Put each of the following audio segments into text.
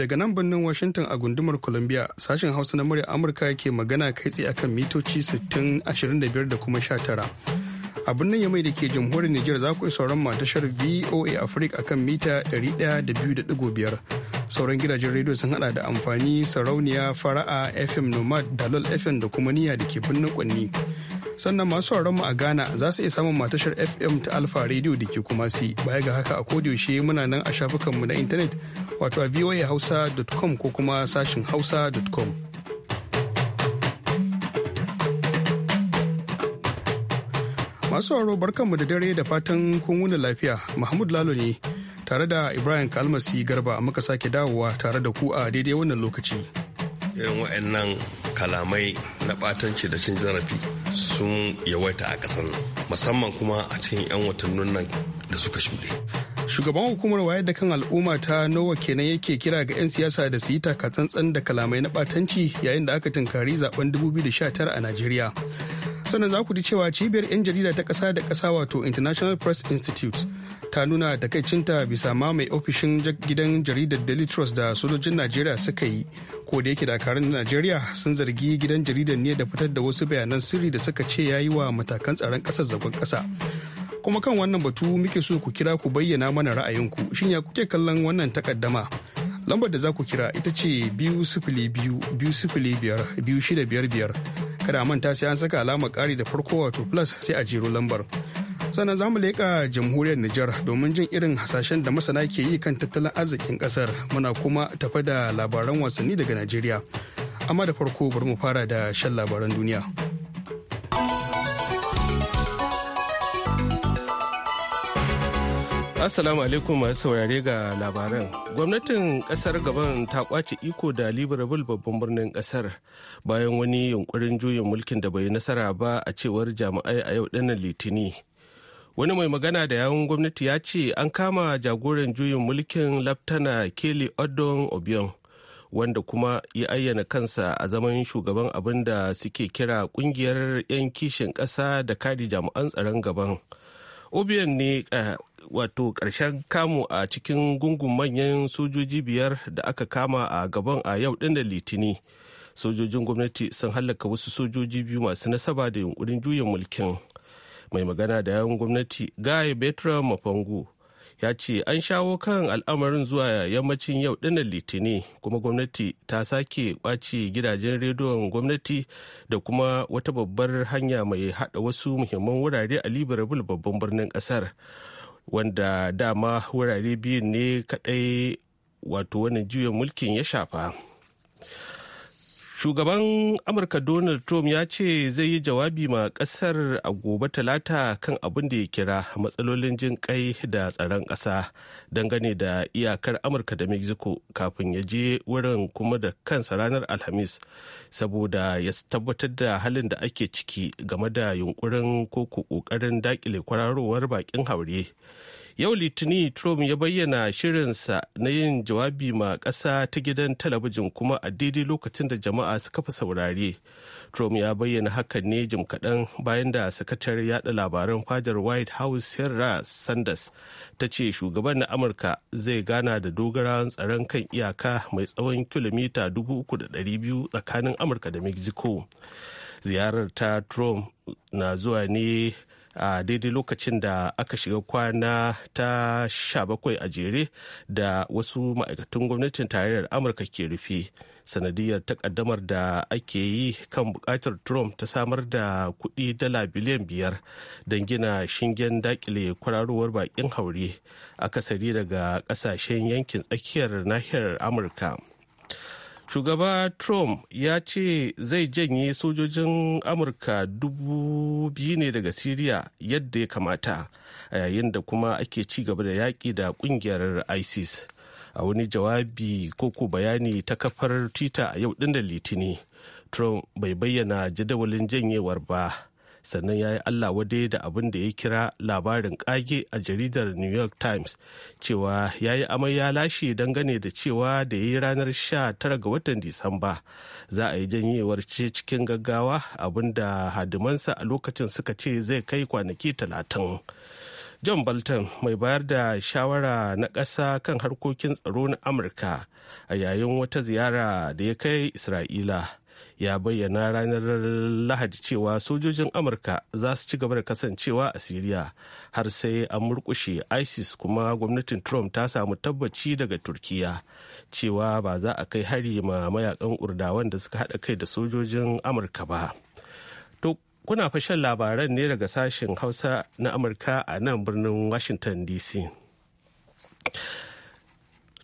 daga nan birnin Washington a gundumar Columbia sashen Hausa na murya Amurka ke magana kai tsaye akan mitoci 60 25 da kuma 19. A birnin Yamai da ke jamhuriyar Nijar za ku sauran matashar VOA Africa akan mita 102.5. Sauran gidajen rediyo sun hada da amfani sarauniya fara'a FM Nomad, Dalol FM da kuma niya da ke birnin Kwanni. sannan masu mu a ghana za su iya samun matashar fm ta alpha radio da ke kuma si baya ga haka a kodiyaushe muna nan a shafukanmu na intanet wato a voahausa.com ko kuma sashin hausa.com masu barkan barkanmu da dare da fatan kun lafiya mahmud lalo ne tare da ibrahim kalmasi garba muka sake dawowa tare da ku a daidai wannan lokaci irin wa'annan kalamai na batanci da cin zarafi sun yawaita a kasar nan musamman kuma a cikin 'yan watannin nan da suka shuɗe. Shugaban hukumar wayar da kan al'umma ta Nowa kenan yake kira ga 'yan siyasa da su yi takatsantsan da kalamai na batanci yayin da aka tunkari zaben 2019 a Najeriya. sannan za ku ji cewa cibiyar 'yan jarida ta kasa da kasa wato international press institute ta nuna takaicinta bisa ma mai ofishin gidan jaridar daily trust da sojojin najeriya suka yi ko da yake dakarun najeriya sun zargi gidan jaridar ne da fitar da wasu bayanan sirri da suka ce ya yi wa matakan tsaron ƙasar zagon ƙasa kuma kan wannan batu muke so ku kira ku bayyana mana ra'ayinku shin ya kuke kallon wannan takaddama lambar da za ku kira ita ce biyu sifili biyu biyu sifili biyar biyu shida biyar biyar kada a manta sai an saka alama ƙari da farko wato plus sai a jero lambar sannan za mu leƙa jamhuriyar Nijar domin jin irin hasashen da masana ke yi kan tattalin arzikin ƙasar muna kuma tafa da labaran wasanni daga Najeriya amma da farko bari mu fara da shan labaran duniya. Assalamu alaikum masu saurare ga labaran. Gwamnatin kasar gaban ta kwace iko da Libreville babban birnin kasar bayan wani yunkurin juyin mulkin da bai nasara ba a cewar jami'ai a yau dinnan litini. Wani mai magana da yawun gwamnati ya ce an kama jagoran juyin mulkin Laftana Kelly Odon Obion wanda kuma ya ayyana kansa a zaman shugaban abin da suke kira kungiyar 'yan kishin ƙasa da kare jami'an tsaron gaban. Obion ne eh, wato ƙarshen kamu a cikin gungun manyan sojoji biyar da aka kama a gaban a yau ɗin da litini sojojin gwamnati sun hallaka wasu sojoji biyu masu nasaba da yunkurin juyin mulkin mai magana da yawon gwamnati guy betra mafangu ya ce an shawo kan al'amarin zuwa yammacin yau ɗinnan litini kuma gwamnati ta sake kwace gidajen rediyon gwamnati da kuma wata babbar hanya mai haɗa wasu muhimman wurare a libreville babban birnin ƙasar. wanda dama wurare biyun ne kadai wato wannan juyin mulkin ya shafa shugaban amurka donald trump ya ce zai yi jawabi ma kasar a gobe talata kan abin da ya kira matsalolin jin kai da tsaron ƙasa dangane da iyakar amurka da mexico kafin ya je wurin kuma da kansa ranar alhamis saboda ya tabbatar da halin da ake ciki game da yunkurin ko ƙoƙarin daƙile kwararowar bakin haure yau litini trump ya bayyana shirinsa na yin jawabi ma ƙasa ta gidan talabijin kuma a daidai lokacin da jama'a suka fi saurare trump ya bayyana hakan ne jim kaɗan bayan da sakatar yada labaran fadar white house sarah sanders ta ce shugaban na amurka zai gana da dogara tsaron kan iyaka mai tsawon kilomita 3,200 tsakanin amurka da mexico ziyarar ta trump na zuwa ne a daidai lokacin da aka shiga kwana ta 17 a jere da wasu ma'aikatan gwamnatin tarayyar amurka ke rufe sanadiyar takaddamar da ake yi kan bukatar trump ta samar da kuɗi dala biliyan biyar don gina shingen dakile kwararowar bakin haure akasari daga ƙasashen yankin tsakiyar nahiyar amurka shugaba trump ya ce zai janye sojojin amurka dubu biyu ne daga siriya yadda ya kamata a yayin da kuma ake ci gaba da yaƙi da ƙungiyar isis a wani jawabi koko bayani ta kafar twitter a yau ɗin da litini trump bai bayyana jadawalin janyewar ba sannan ya yi allah wade da abin da ya kira labarin kage a jaridar new york times cewa ya yi amai ya lashe dangane da cewa da ya yi ranar 19 ga watan disamba za a yi janyewar ce cikin gaggawa abin da hadimansa a lokacin suka ce zai kai kwanaki talatin. john bolton mai bayar da shawara na ƙasa kan harkokin tsaro na amurka a yayin wata ziyara da ya kai isra'ila ya bayyana ranar lahadi cewa sojojin amurka za su ci gaba da kasancewa a siriya har sai an murkushe isis kuma gwamnatin trump ta samu tabbaci daga turkiya cewa ba za a kai hari ma mayakan urdawan da suka haɗa kai da sojojin amurka ba to kuna fashin labaran ne daga sashen hausa na amurka a nan birnin washington dc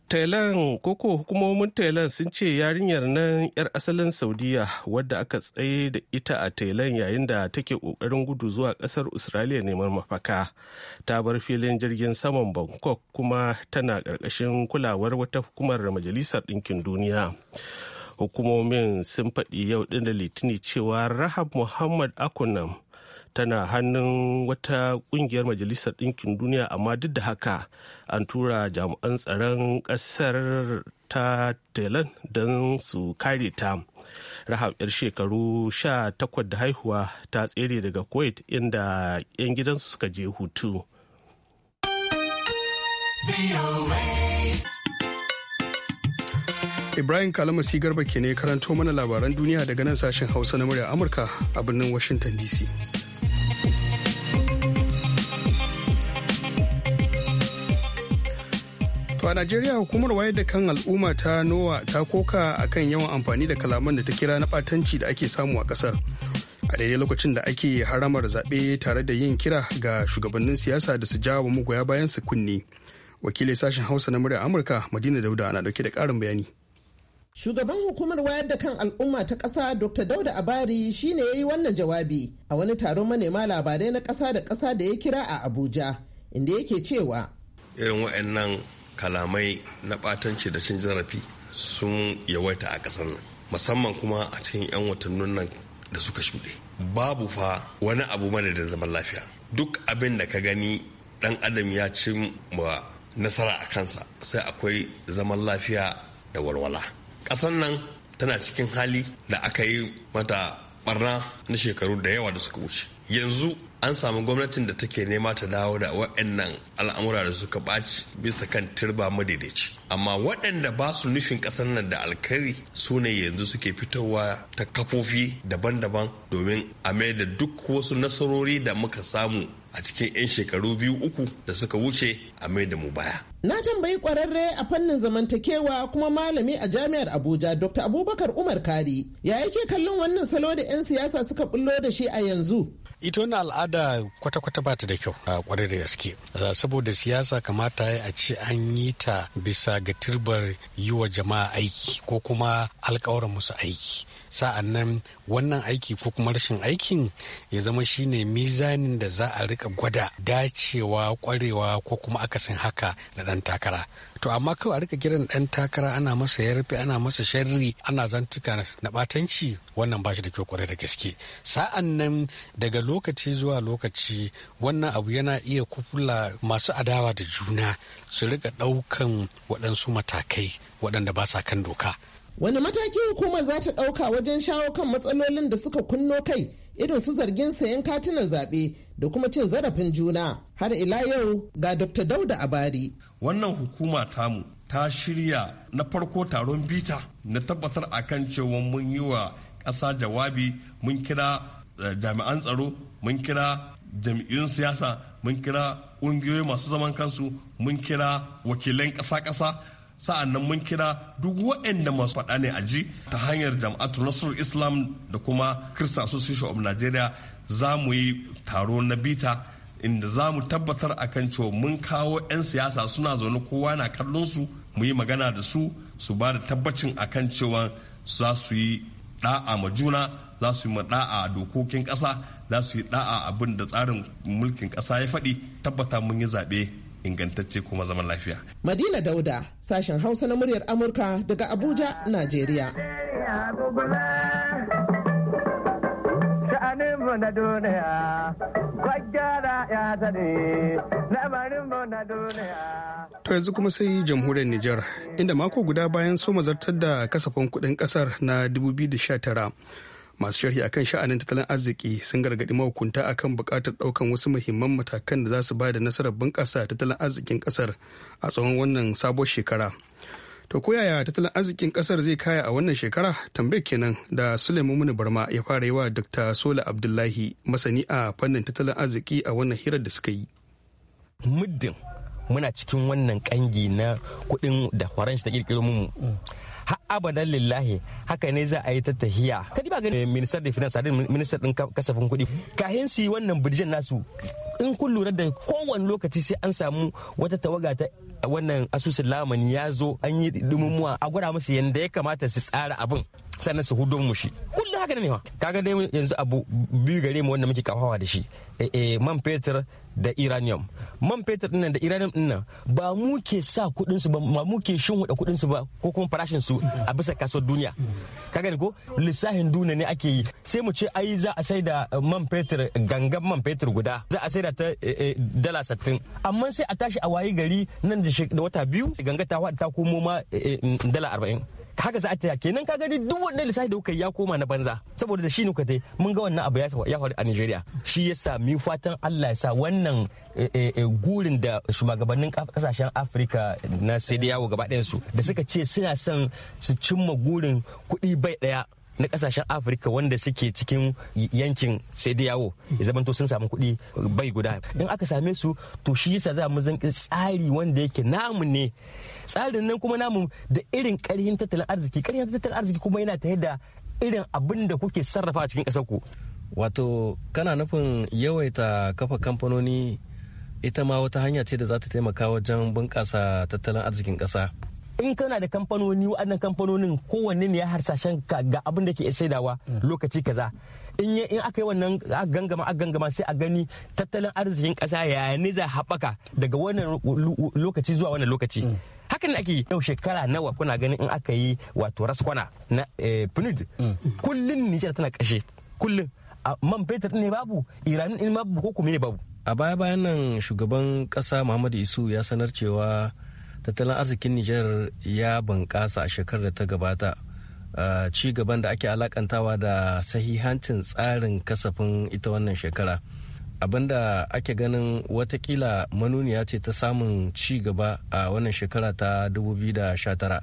Thailand koko hukumomin Thailand sun ce yarinyar nan 'yar asalin Saudiya wadda aka tsaye da ita a Thailand yayin da take kokarin gudu zuwa kasar Australia neman mafaka. Ta bar filin jirgin saman Bangkok kuma tana ƙarƙashin kulawar wata hukumar Majalisar Ɗinkin Duniya. Hukumomin sun faɗi yau ɗin da Litini cewa Rahab Muhammad Akunam tana hannun wata kungiyar majalisar ɗinkin duniya amma duk da haka an tura jami'an tsaron ƙasar ta thailand don su kare ta rahab yar shekaru sha takwas da haihuwa ta tsere daga kuwait inda 'yan gidansu suka je hutu Ibrahim Kalamasi Garba ke ne karanto mana labaran duniya daga nan sashen Hausa na murya Amurka a birnin Washington DC. To a Najeriya hukumar wayar da kan al'umma ta NOWA ta koka a kan yawan amfani da kalaman da ta kira na batanci da ake samu a ƙasar. A daidai lokacin da ake haramar zaɓe tare da yin kira ga shugabannin siyasa da su jawo magoya bayan su kunne wakili sashen Hausa na murya Amurka Madina Dauda na dauke da ƙarin bayani. Shugaban hukumar wayar da kan al'umma ta ƙasa Dr. Dauda Abari shine ya yi wannan jawabi a wani taron manema labarai na ƙasa da ƙasa da ya kira a Abuja, inda yake cewa. Irin waɗannan kalamai na ɓatanci da cin zarafi sun yawaita a ƙasar nan musamman kuma a cikin 'yan watannin nan da suka shuɗe babu fa wani abu mana da zaman lafiya duk abin da ka gani ɗan adam ya ci wa nasara a kansa sai akwai zaman lafiya da walwala ƙasar nan tana cikin hali da aka yi mata barna na shekaru da yawa da suka wuce yanzu an samu gwamnatin da take nema ta dawo da waɗannan al'amura da suka ɓaci bisa kan turba madaidaici amma waɗanda ba su nufin ƙasar nan da alkhairi su ne yanzu suke fitowa ta kafofi daban-daban domin a mai da duk wasu nasarori da muka samu a cikin 'yan shekaru biyu uku da suka wuce a mai da mu baya Na tambayi kwararre a fannin zamantakewa kuma malami a jami'ar Abuja Dr. Abubakar Umar Kari. Ya yake kallon wannan salo da 'yan siyasa suka bullo da shi a yanzu? Ita wani al'ada kwata-kwata ba ta da kyau a kwarai da gaske. Saboda siyasa kamata ya a ce an yi ta bisa ga turbar yi wa jama'a aiki ko kuma alkawarin musu aiki. sa'an nan wannan aiki ko kuma rashin aikin ya zama shine mizanin da za a rika gwada dacewa kwarewa ko kuma akasin haka na ɗan takara to amma kawai a rika kiran ɗan takara ana masa yarfe ana masa sharri ana zantuka na batanci wannan ba shi da kyau kwarai da gaske sa'an nan daga lokaci zuwa lokaci wannan abu yana iya kufula masu adawa da juna su rika ɗaukan waɗansu matakai waɗanda ba sa kan doka wani mataki hukumar za ta ɗauka wajen shawo kan matsalolin da suka kunno kai irin su zargin sayan katunan zaɓe da kuma cin zarafin juna har ila yau ga dr dauda abari wannan hukuma tamu ta shirya na farko taron bita na tabbatar akan cewa mun yi wa ƙasa jawabi mun kira eh, jami'an tsaro mun kira jam'iyyun siyasa mun kira ƙungiyoyi masu zaman kansu mun kira wakilan ƙasa-ƙasa sa'an nan mun kira duk waɗanda masu faɗa ne a ji ta hanyar jam'atu nasarar islam da kuma christian association of nigeria za mu yi taro na bita inda za mu tabbatar a kan cewa mun kawo 'yan siyasa suna zaune kowa na kallon su mu yi magana da su su ba da tabbacin a kan cewa za su yi da'a ma juna za su yi ma da'a dokokin ƙasa za su yi da'a abin da tsarin mulkin ƙasa ya faɗi tabbata mun yi zaɓe ingantacce kuma zaman lafiya. Madina Dauda, sashen Hausa na muryar Amurka daga Abuja, Najeriya. To yanzu kuma sai jamhuriyar Nijar, inda mako guda bayan so mazartar da kasafin kudin kasar na 2019 masu sharhi akan sha'anin tattalin arziki sun gargaɗi mahukunta akan buƙatar ɗaukan wasu muhimman matakan da za su ba da nasarar bunƙasa tattalin arzikin ƙasar a tsawon wannan sabuwar shekara to ko yaya tattalin arzikin ƙasar zai kaya a wannan shekara tambayar kenan da suleiman barma ya fara yi wa dr sola abdullahi masani a fannin tattalin arziki a wannan hirar da suka yi muddin muna cikin wannan kangi na kuɗin da faransh ta kirkiro mu ha'a abadan lillahi haka ne za a yi ta tahiya ka ba gani eh, minister da finance da minister din kasafin kuɗi kahin su yi wannan birjin nasu in kun lura da kowane lokaci sai an samu wata tawaga ta wannan asusun lamani ya zo an yi dumumuwa a gwada musu yadda ya kamata su tsara abin sannan su hudo mushi haka ne wa kaga dai yanzu abu biyu gare mu wanda muke kafawa da shi eh, eh, man fetur da iranium man fetur dinnan da iranium dinnan ba mu ke sa kudin su ba ma mu ke wada kudin su ba ko kuma farashin su a bisa kasuwar duniya ka gani ko lissafin duniya ne ake yi sai mu ce ai za a sai da eh, man fetur gangan man fetur guda za a sai da ta dala sattin amma sai a tashi a waye gari nan da wata biyu ganga ta ta komo ma dala arba'in haka za a taya kenan ka gani duk wannan lissafi da kuka yi ya koma na banza saboda da shi ne kuka mun ga wannan abu ya faru a Nigeria shi yasa mi fatan Allah ya sa wannan eh, eh, eh, gurin da shugabannin kasashen Afirka na sai da yawo gaba su da suka ce suna son su cimma gurin kuɗi bai ɗaya na kasashen afirka wanda suke cikin yankin sai da yawo zamanto sun samu kuɗi bai guda in aka same su to shi yasa za mu zanki tsari wanda yake namu ne tsarin nan kuma namu da irin ƙarhin tattalin arziki ƙarhin tattalin arziki kuma yana ta da irin abin da kuke sarrafa a cikin ku. wato kana nufin yawaita kafa kamfanoni ita ma wata hanya ce da za ta taimaka wajen bunƙasa tattalin arzikin ƙasa in kana da kamfanoni waɗannan kamfanonin kowanne ne ya harsashen ka ga abin da ke saidawa lokaci kaza in in aka yi wannan gangama a gangama sai a gani tattalin arzikin ƙasa ya ne za haɓaka daga wannan lokaci zuwa wannan lokaci mm. hakan ake yau shekara nawa kuna ganin in aka yi wato raskwana na eh, punid mm. kullum nijar tana kashe kullum man fetur ne babu iranin in babu ko kuma ne babu a baya bayan nan shugaban ƙasa muhammadu isu ya sanar cewa tattalin arzikin niger ya bunƙasa a shekarar da ta gabata ci gaban da ake alakantawa da sahihancin tsarin kasafin ita wannan shekara abinda ake ganin watakila manuniya ce ta samun ci gaba a wannan shekara ta 2019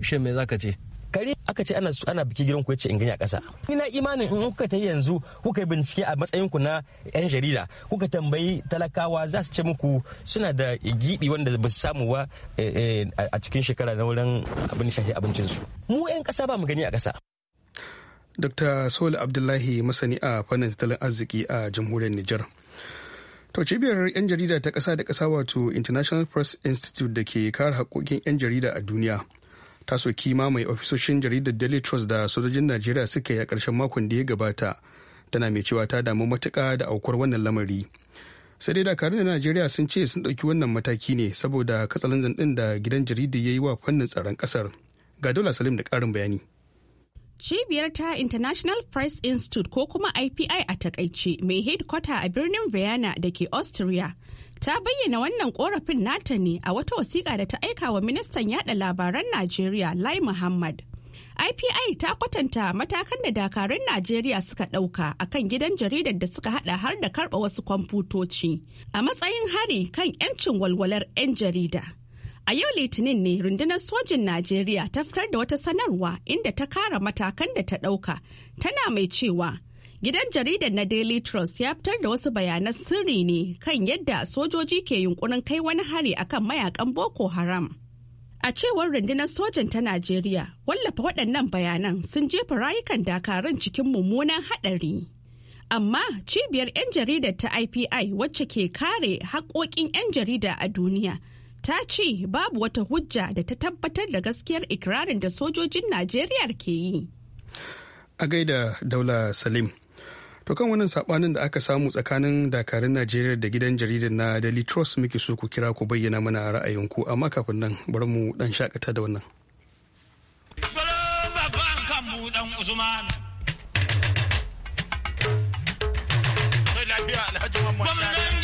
shin me zaka ce kare aka ce ana ana biki gidan ku yace in gani a ƙasa ina imanin in kuka ta yanzu kuka yi bincike a matsayin ku na yan jarida kuka tambayi talakawa za su ce muku suna da gibi wanda ba su samu ba eh, eh, a cikin shekara na wurin abin shafi abincin su mu yan ƙasa ba mu gani a ƙasa Dr. Sole Abdullahi masani a fannin tattalin arziki a jamhuriyar Nijar. To cibiyar 'yan jarida ta kasa da kasa wato International Press Institute da ke kare haƙoƙin 'yan jarida a duniya ta soki mai ofisoshin jaridar daily trust da sojojin najeriya suka yi a ƙarshen makon da ya gabata tana mai cewa ta damu matuƙa da aukuwar wannan lamari sai dai dakarun da najeriya sun ce sun ɗauki wannan mataki ne saboda katsalandan ɗin da gidan jaridar ya yi wa fannin tsaron ƙasar ga dola salim da ƙarin bayani Cibiyar ta International Press Institute ko kuma IPI a takaice mai headquarter a birnin Vienna da ke Austria ta bayyana wannan korafin nata ne a wata wasiƙa da ta aika wa ministan yada labaran najeriya lai muhammad ipi ta kwatanta matakan da dakarun najeriya suka ɗauka a kan gidan jaridar da suka haɗa har da karɓa wasu kwamfutoci a matsayin hari kan 'yancin walwalar 'yan jarida a yau litinin ne rundunar sojin najeriya ta fitar da wata sanarwa inda ta kara matakan da ta ɗauka tana mai cewa Gidan jaridar na Daily Trust ya fitar da wasu bayanan sirri ne kan yadda sojoji ke yunkurin kai wani hari akan mayakan Boko Haram. A cewar rundunar sojan ta Najeriya, wallafa waɗannan bayanan sun jefa rayukan dakarun cikin mummunan haɗari. Amma cibiyar 'yan jarida ta IPI wacce ke kare haƙoƙin 'yan jarida a duniya ta ce babu wata hujja da ta tabbatar da gaskiyar ikirarin da sojojin Najeriya ke yi. A gaida Daula Salim. To kan wannan sabanin da aka samu tsakanin dakarun Najeriya da gidan jaridar na Daily Trust muke so ku kira ku bayyana mana ra'ayinku amma kafin nan bari mu dan shakata da wannan. Gwamnan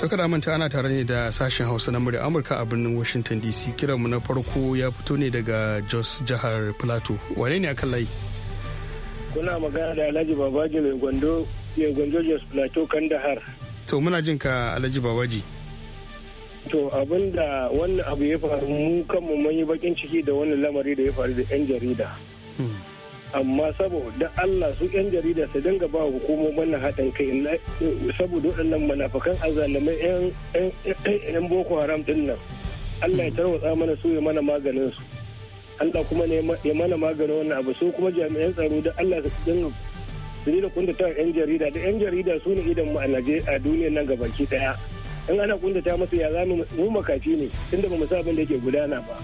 ta kada manta ana tare ne da sashen hausa na murya amurka a birnin washington dc kiranmu na farko ya fito ne daga jos jihar plateau wane ne akan layi kuna magana da alhaji babaji mai gwando ya gwando jos plateau kandahar to muna jin ka alhaji babaji to abin da wannan abu ya faru mu kanmu mun yi bakin ciki da wannan lamari da ya faru da yan jarida hmm. amma saboda Allah su 'yan jarida su dinga ba hukumomin na haɗin kai saboda waɗannan manafakan azalimai 'yan boko haram din nan Allah ya tarwatsa mana su ya mana maganin su Allah kuma ne ya mana maganin wannan abu su kuma jami'an tsaro da Allah su dinga su dinga ta 'yan jarida da 'yan jarida su ne idan mu a duniyar nan gabaki daya in ana ta musu ya zamu mu makafi ne tunda ba mu sa abin da yake gudana ba.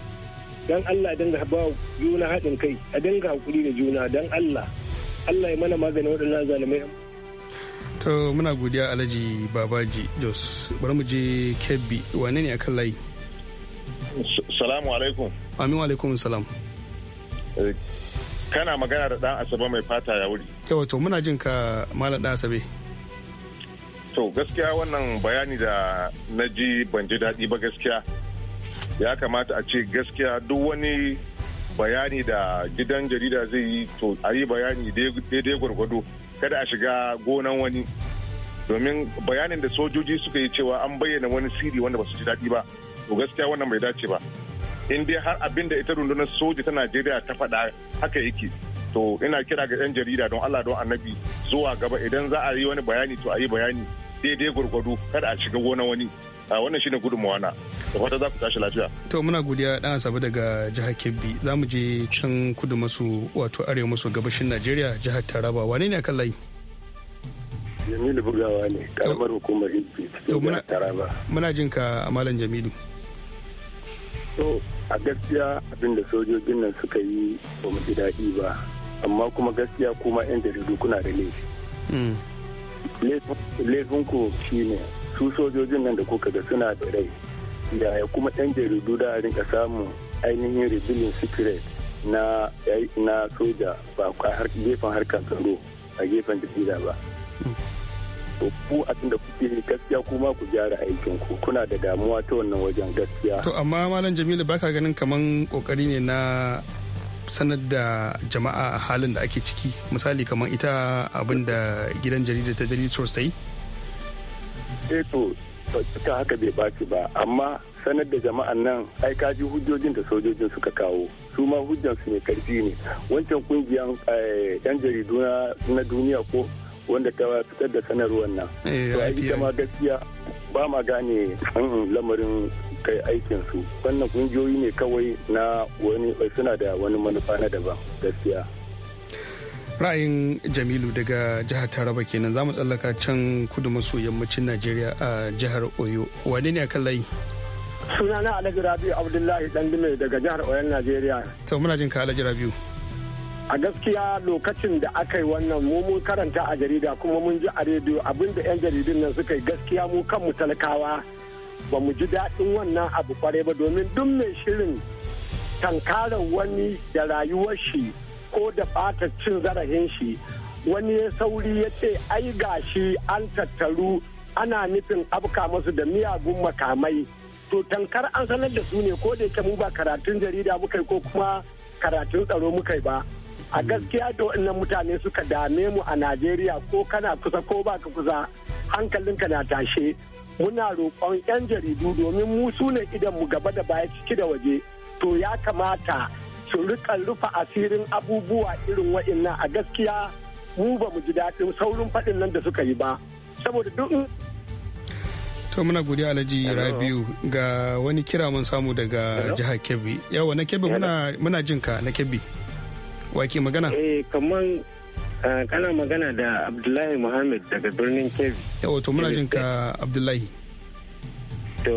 Don Allah a dinga ba juna haɗin kai a dinga hakuri da juna don Allah Allah ya mana maganin waɗannan zalimai to muna godiya Alhaji Babaji Jos bari mu je Kebbi wane ne akan layi Salamu alaikum Amin alaikum salam eh, kana magana da dan Asabe mai fata ya wuri yawa to muna jin ka malam dan Asabe to gaskiya wannan bayani da na ji ban ji daɗi ba gaskiya ya kamata a ce gaskiya duk wani bayani da gidan jarida zai yi to a yi bayani daidai gwargwado kada a shiga gonan wani domin bayanin da sojoji suka yi cewa an bayyana wani siri wanda ba su ji daɗi ba to gaskiya wannan bai dace ba in dai har abin da ita rundunar soja ta najeriya ta faɗa haka yake to ina kira ga 'yan jarida don allah don annabi zuwa gaba idan za a yi wani bayani to a yi bayani daidai gwargwado kada a shiga gonan wani a wannan shine gudunmawa na da fata za ku tashi lafiya to muna godiya dan asabu daga jihar kebbi za mu je can kudu maso wato arewa maso gabashin najeriya jihar taraba wane ne akan layi jamilu bugawa ne karamar hukumar hibbi to muna taraba muna jin ka a malam jamilu to a gaskiya abin da sojojin nan suka yi ba mu ji daɗi ba amma kuma gaskiya kuma yan jaridu kuna da laifi hmm. laifinku shine su sojojin nan da kuka ga suna da rai yaya kuma ɗan jaridu da rinka samu ainihin rebellion secret na soja ba a gefen harkar tsaro a gefen jarida ba hmm. ku abin da kuke gaskiya kuma ku gyara aikinku kuna da damuwa ta wannan wajen gaskiya to amma malam jamilu baka ganin kaman kokari ne na sanar da jama'a a halin da ake ciki misali kamar ita abin da gidan jarida ta jarida sosai. eh to ka haka bai baci ba amma sanar da jama'an nan ai kaji hujjojin da sojojin suka kawo su ma su mai karfi ne wancan kungiyan yan eh, jaridu na duniya ko wanda ta fitar da sanarwar nan eh, to ai ita gaskiya ba ma gane lamarin kai aikin su wannan kungiyoyi ne kawai na wani suna da wani manufa na daban gaskiya ra'ayin jamilu daga jihar taraba kenan za mu tsallaka can kudu maso yammacin najeriya a jihar oyo wane ne kan layi na alhaji rabiu abdullahi dan dume daga jihar Oyo najeriya to muna jin ka alhaji rabiu a gaskiya lokacin da aka yi wannan mu mun karanta a jarida kuma mun ji a rediyo abinda yan jaridun nan suka yi gaskiya mu kan mu talakawa ba mu ji daɗin wannan abu kwarai ba domin duk mai shirin tankarar wani da rayuwar shi ko da bata cin zarafin shi wani ya sauri ya ce ai gashi an tattaru ana nufin afka masu da miyagun makamai to tankar an sanar da su ne ko da yake mu ba karatun jarida muka yi ko kuma karatun tsaro muka yi ba a gaskiya da waɗannan mutane suka dame mu a najeriya ko kana kusa ko ba ka kusa hankalinka na tashe muna roƙon 'yan jaridu domin mu su ne idan mu gaba da baya ciki da waje to ya kamata su rika rufa asirin abubuwa irin wa'innan a gaskiya mu ba mu ji daɗin saurin faɗin nan da suka yi ba saboda duk to muna gudi alhaji rabiu ga wani kira mun samu daga jihar kebbi yawa na kebbi muna jin ka na kebbi wake magana eh kaman eh, kana magana da abdullahi muhammad daga birnin kebbi yawa to muna jin ka abdullahi to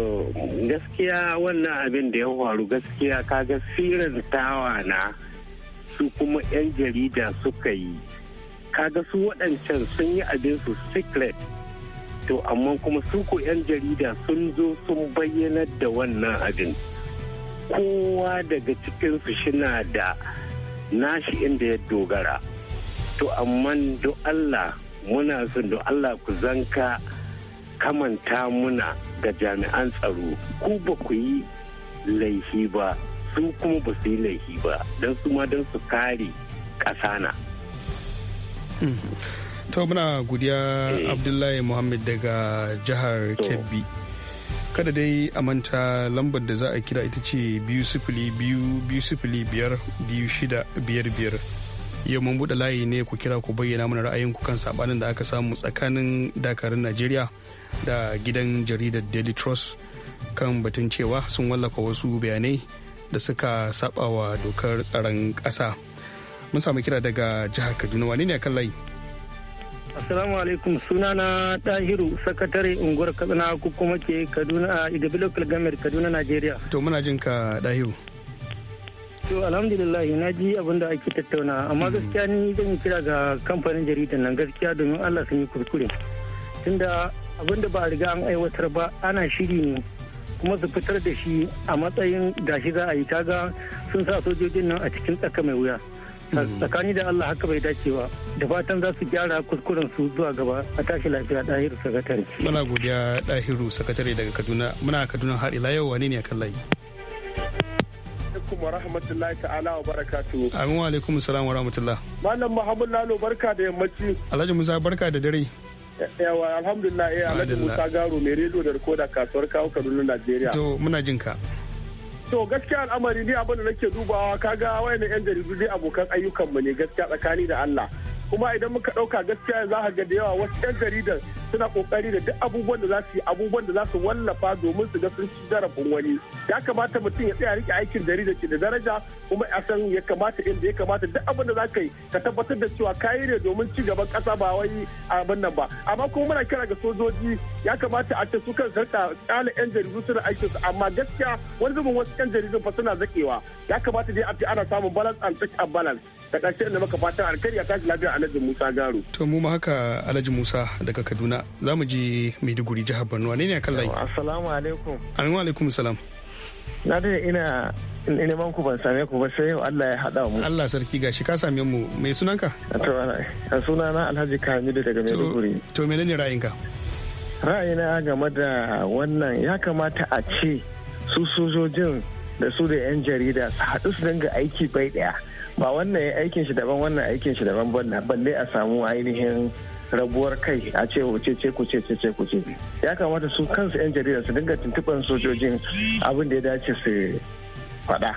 gaskiya wannan abin da ya faru gaskiya kaga firantawa na su kuma 'yan jarida suka yi kaga su waɗancan sun yi abin su secret to amma kuma su ko 'yan jarida sun zo sun bayyanar da wannan abin kowa daga cikinsu shina da nashi inda ya dogara to amma do Allah muna son do Allah ku zanka. kamanta muna ga jami'an tsaro ku ba ku yi laifi ba su kuma ba su yi laifi ba don su ma don su kare kasana. Mm-hmm. to muna gudiya eh. abdullahi muhammad daga jihar kebbi kada dai a manta lambar da za a kira ita ce biyu sifili biyu biyu sifili biyar biyu shida biyar biyar yau mun buɗe layi ne ku kira ku bayyana mana ra'ayinku kan sabanin da aka samu tsakanin dakarun najeriya da gidan jaridar daily trust kan batun cewa sun wallafa wasu bayanai da suka saba wa dokar tsaron ƙasa mun samu kira daga jihar kaduna wani ne kan layi Assalamu alaikum na Tahiru sakatare unguwar Katsina ko kuma ke Kaduna a Igabi local government Kaduna Najeriya. To muna jin ka Tahiru. To alhamdulillah na ji abin da ake tattauna amma mm-hmm. gaskiya ni zan yi kira ga kamfanin jaridar nan gaskiya domin Allah sun yi kurkure. Tunda abin da ba a riga an aiwatar ba ana shiri ne kuma su fitar da shi a matsayin gashi za a yi kaga sun sa sojojin nan a cikin tsaka mai wuya tsakani da Allah haka bai dace ba da fatan za su gyara kuskuren su zuwa gaba a tashi lafiya dahiru sakatare muna godiya dahiru sakatare daga kaduna muna kaduna har ila yau wane ne a kan layi alaikum wa rahmatullahi ta'ala wa barakatu. Amin wa alaikum salam wa rahmatullah. Malam Muhammad Lalo barka da yammaci. Alhaji Musa barka da dare. yawa alhamdulillah eh alhaji musa garo mai rediyo da rikoda kasuwar kawo kaduna najeriya to muna jin ka to gaskiya al'amari ne abin da nake dubawa kaga wayannan yan jaridu dai abokan ayyukan mu ne gaskiya tsakani da Allah kuma idan muka ɗauka gaskiya za ka ga da yawa wasu 'yan jaridar suna kokari da duk abubuwan da za su yi abubuwan da za su wallafa domin su ga sun ci zarafin wani ya kamata mutum ya tsaya rike aikin jarida ke da daraja kuma a san ya kamata inda ya kamata duk abin da za ka yi ka tabbatar da cewa ka yi ne domin ci gaban kasa ba wai abin nan ba amma kuma muna kira ga sojoji ya kamata a ce su kan sarka tsala yan jaridu suna aikin su amma gaskiya wani zubin wasu yan jaridun fa suna zakewa ya kamata dai a ce ana samun balance and check and balance da da maka fatan alkari a tashi lafiya alhaji musa garo to mu ma haka alhaji musa daga kaduna za mu je maiduguri jihar borno ne ne kan layi assalamu alaikum alaikum wa alaikum salam na da ina neman ku ban same ku ba sai yau Allah ya haɗa mu Allah sarki gashi ka same mu mai sunanka to sunana alhaji kamilu daga maiduguri to menene ra'ayinka ra'ayina game da wannan ya kamata a ce su sojojin da su da 'yan jarida su haɗu su dinga aiki bai ɗaya ba wannan aikin shi daban wannan aikin shi daban ban balle a samu ainihin rabuwar kai a ce wuce ce ku ce ce ce ya kamata su kansu 'yan jarida su dinga tuntuɓar sojojin abin da ya dace su faɗa.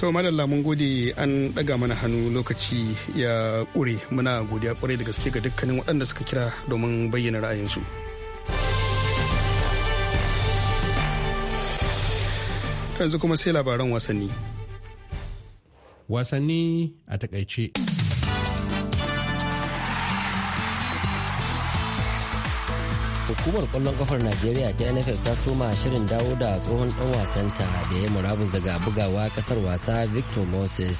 to madalla mun gode an ɗaga mana hannu lokaci ya ƙure muna godiya ƙure da gaske ga dukkanin waɗanda suka kira domin bayyana ra'ayinsu. yanzu kuma sai labaran wasanni. wasanni a takaice. hukumar kwallon kafar najeriya ta nff ta soma shirin dawo da tsohon dan wasanta da ya murabus daga bugawa kasar wasa victor moses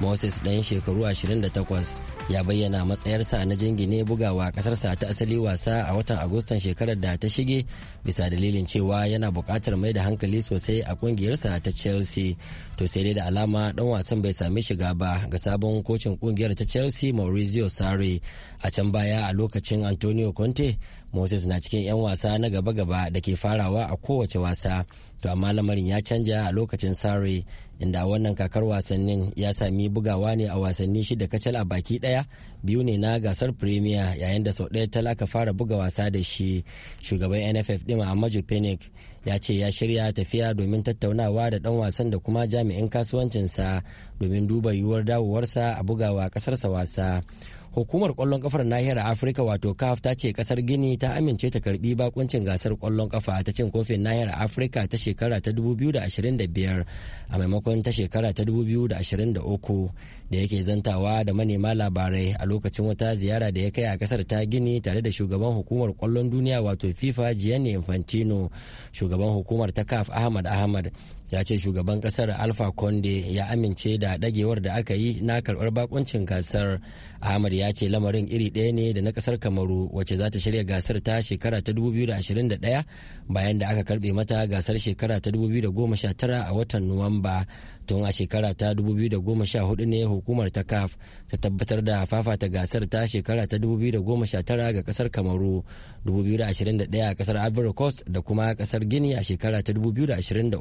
moses ɗan shekaru 28 ya bayyana matsayarsa na jingine bugawa kasarsa ta asali wasa a watan agustan shekarar da ta shige bisa dalilin cewa yana bukatar mai da hankali sosai a ƙungiyarsa ta chelsea to sai dai da alama dan wasan bai sami shiga ba ga sabon kocin kungiyar ta chelsea maurizio sarri a can baya a lokacin antonio conte moses na cikin 'yan wasa na gaba-gaba da ke farawa a kowace wasa to amma lamarin ya canja a lokacin sarri inda wannan kakar wasannin ya sami bugawa ne a wasanni shida kacal a baki daya biyu ne na gasar premier yayin da sau ɗaya talaka fara buga wasa da shi shugaban nff din a penick ya ce ya shirya tafiya domin tattaunawa da ɗan wasan da kuma jami'in kasuwancinsa domin duba yiwuwar dawowarsa a bugawa ƙasarsa wasa hukumar ƙwallon ƙafar nahiyar afirka wato caf ta ce ƙasar gini ta amince ta karbi bakuncin gasar kwallon ƙafa ta cin kofin nahiyar afirka ta shekara ta 2025 a maimakon ta shekara ta 2023 da yake zantawa da manema labarai a lokacin wata ziyara da ya kai a kasar ta gini tare da shugaban hukumar kwallon duniya wato fifa gianni infantino shugaban hukumar ta kaf ahmad ahmad ya ce shugaban kasar alfa konde ya amince da dagewar da aka yi na karbar bakuncin gasar ahmad ya ce lamarin iri ɗaya ne da na kasar kamaru wacce za ta shirya gasar ta shekara ta 2021 bayan da aka karbe mata gasar shekara ta 2019 a watan nuwamba tun a shekara ta 2014 ne hukumar ta caf ta tabbatar da fafata gasar ta shekara ta 2019 ga kasar kamaru 2021 a kasar ivory coast da kuma kasar guinea a shekara ta 2023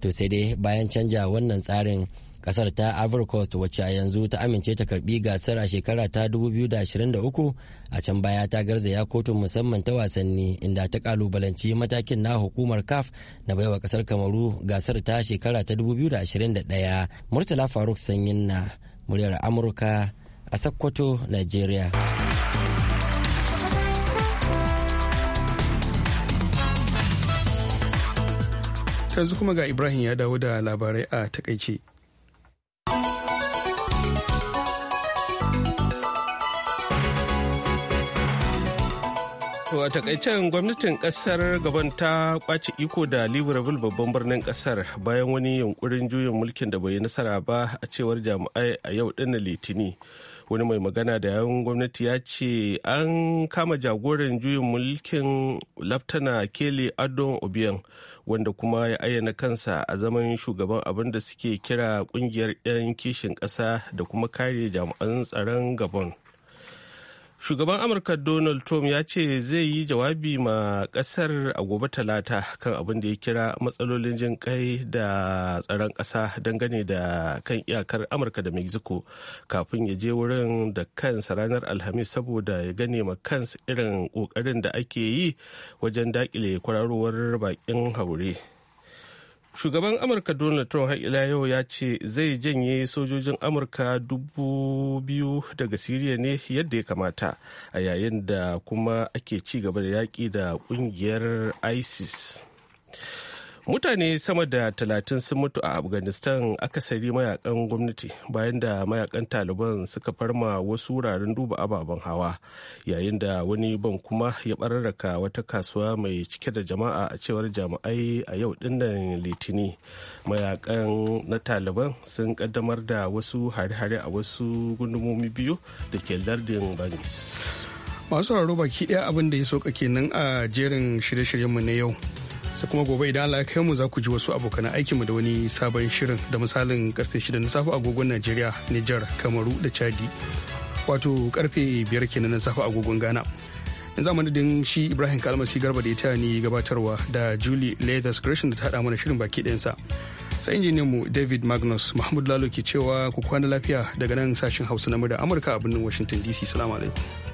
to sai dai bayan canja wannan tsarin kasar ta ivory coast wacce a yanzu ta amince ta karbi gasar a shekara ta 2023 a can baya ta garzaya kotun musamman ta wasanni inda ta kalubalanci matakin na hukumar caf na baiwa kasar kamaru gasar ta shekara ta 2021 murtala faruk sanyin na muryar amurka a sakkwato nigeria yanzu kuma ga ibrahim ya dawo da labarai a takaice To a takaicen gwamnatin kasar gaban ta kwace iko da Libreville babban birnin kasar bayan wani yunkurin juyin mulkin da bai yi nasara ba a cewar jami'ai a yau dinna litini. Wani mai magana da yawun gwamnati ya ce an kama jagoran juyin mulkin Laftana Kele Adon Obiang wanda kuma ya ayyana kansa a zaman shugaban abin da suke kira kungiyar 'yan kishin ƙasa da kuma kare jami'an tsaron gabon shugaban amurka donald trump ya ce zai yi jawabi ma kasar a gobe talata kan abin da ya kira matsalolin jin kai da tsaron kasa dangane da kan iyakar amurka da mexico kafin ya je wurin da kansa ranar alhamis saboda ya gane ma kansa irin kokarin da ake yi wajen dakile kwararowar bakin haure shugaban amurka donald trump har ila yau ya ce zai janye sojojin amurka dubu biyu daga siriya ne yadda ya kamata a yayin da kuma ake ci gaba da yaƙi da ƙungiyar isis mutane sama da talatin sun mutu a afghanistan akasari mayakan gwamnati bayan da mayakan taliban suka farma wasu wuraren duba ababen hawa yayin da wani ban kuma ya bararraka wata kasuwa mai cike da jama'a a cewar jami'ai a yau dinnan litini mayakan na taliban sun kaddamar da wasu hare-hare a wasu gundumomi biyu da ke lardin bangis masu baki ɗaya abin da ya sauka kenan a jerin shirye-shiryenmu na yau sai kuma gobe idan Allah ya kai mu za ku ji wasu abokan aikinmu da wani sabon shirin da misalin karfe 6 na safe agogon Najeriya, Nijar, Kamaru da Chadi. Wato karfe biyar kenan na safe agogon Ghana. In zamanin shi Ibrahim Kalmasi Garba da ya ni gabatarwa da Julie Leathers Creation da ta haɗa mana shirin baki ɗayan sa Sai injiniyan mu David Magnus Mahmud Lalo ke cewa ku kwana lafiya daga nan sashin Hausa na Amurka a birnin Washington DC. Salamu alaikum.